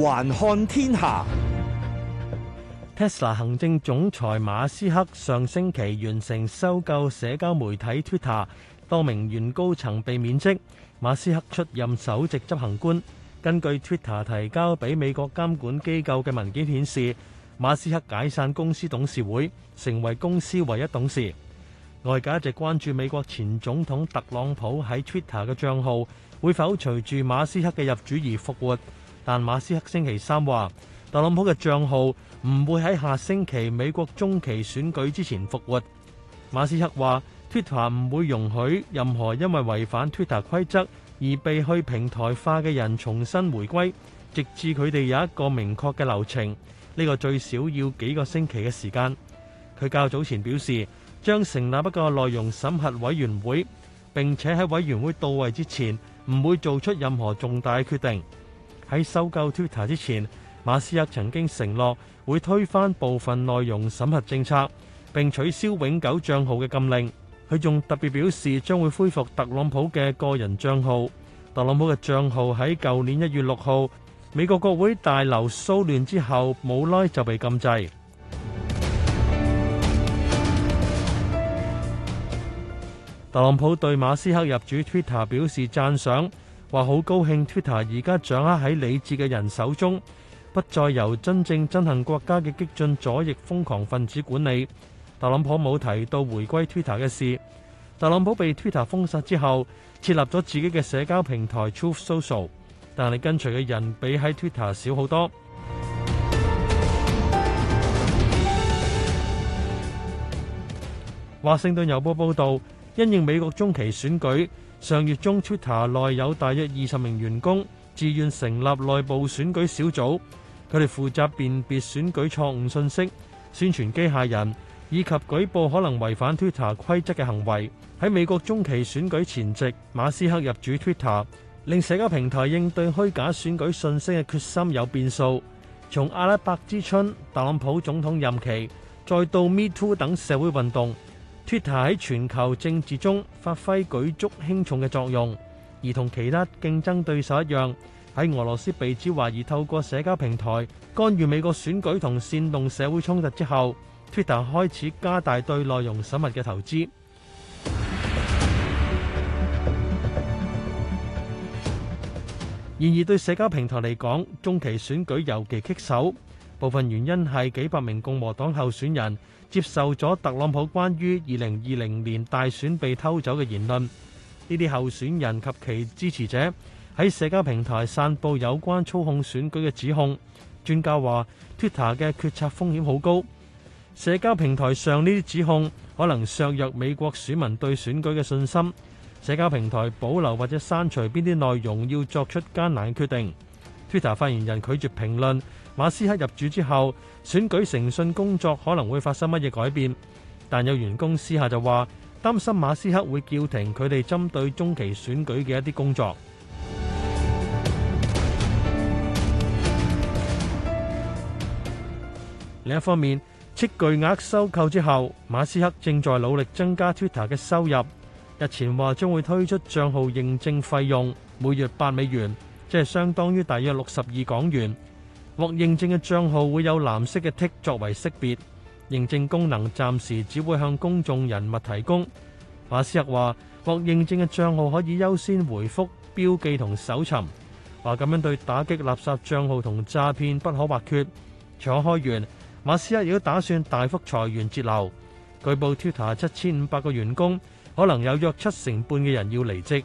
環看天下，Tesla 行政總裁馬斯克上星期完成收購社交媒體 Twitter，多名原高層被免職，馬斯克出任首席執行官。根據 Twitter 提交俾美國監管機構嘅文件顯示，馬斯克解散公司董事會，成為公司唯一董事。外界一直關注美國前總統特朗普喺 Twitter 嘅賬號會否隨住馬斯克嘅入主而復活。但馬斯克星期三話，特朗普嘅帳號唔會喺下星期美國中期選舉之前復活。馬斯克話，Twitter 唔會容許任何因為違反 Twitter 規則而被去平台化嘅人重新回歸，直至佢哋有一個明確嘅流程。呢個最少要幾個星期嘅時間。佢較早前表示，將成立一個內容審核委員會，並且喺委員會到位之前唔會做出任何重大嘅決定。喺收購 Twitter 之前，馬斯克曾經承諾會推翻部分內容審核政策，並取消永久帳號嘅禁令。佢仲特別表示將會恢復特朗普嘅個人帳號。特朗普嘅帳號喺舊年一月六號美國國會大樓騷亂之後，冇耐就被禁制。特朗普對馬斯克入主 Twitter 表示讚賞。話好高興，Twitter 而家掌握喺理智嘅人手中，不再由真正憎恨國家嘅激進左翼瘋狂分子管理。特朗普冇提到回歸 Twitter 嘅事。特朗普被 Twitter 封殺之後，設立咗自己嘅社交平台 Truth Social，但係跟隨嘅人比喺 Twitter 少好多。華盛頓郵報報道，因應美國中期選舉。上月中 Twitter 內有大約二十名員工，自願成立內部選舉小組，佢哋負責辨別選舉錯誤信息、宣傳機械人以及舉報可能違反 Twitter 規則嘅行為。喺美國中期選舉前夕，馬斯克入主 Twitter，令社交平台應對虛假選舉信息嘅決心有變數。從阿拉伯之春、特朗普總統任期，再到 Me Too 等社會運動。Twitter 喺全球政治中發揮舉足輕重嘅作用，而同其他競爭對手一樣，喺俄羅斯被指懷疑透過社交平台干預美國選舉同煽動社會衝突之後，Twitter 開始加大對內容審核嘅投資。然而，對社交平台嚟講，中期選舉尤其棘手。部分原因係幾百名共和黨候選人接受咗特朗普關於二零二零年大選被偷走嘅言論，呢啲候選人及其支持者喺社交平台散佈有關操控選舉嘅指控。專家話，Twitter 嘅決策風險好高，社交平台上呢啲指控可能削弱美國選民對選舉嘅信心。社交平台保留或者刪除邊啲內容要作出艱難嘅決定。Twitter 發言人拒絕評論馬斯克入主之後，選舉誠信工作可能會發生乜嘢改變。但有員工私下就話擔心馬斯克會叫停佢哋針對中期選舉嘅一啲工作。另一方面，斥巨額收購之後，馬斯克正在努力增加 Twitter 嘅收入。日前話將會推出帳號認證費用，每月八美元。即係相當於大約六十二港元，獲認證嘅帳號會有藍色嘅 tick 作為識別。認證功能暫時只會向公眾人物提供。馬斯克話：獲認證嘅帳號可以優先回覆標記同搜尋。話咁樣對打擊垃圾帳號同詐騙不可或缺。除開完，馬斯克亦都打算大幅裁員節流。據報 Twitter 七千五百個員工，可能有約七成半嘅人要離職。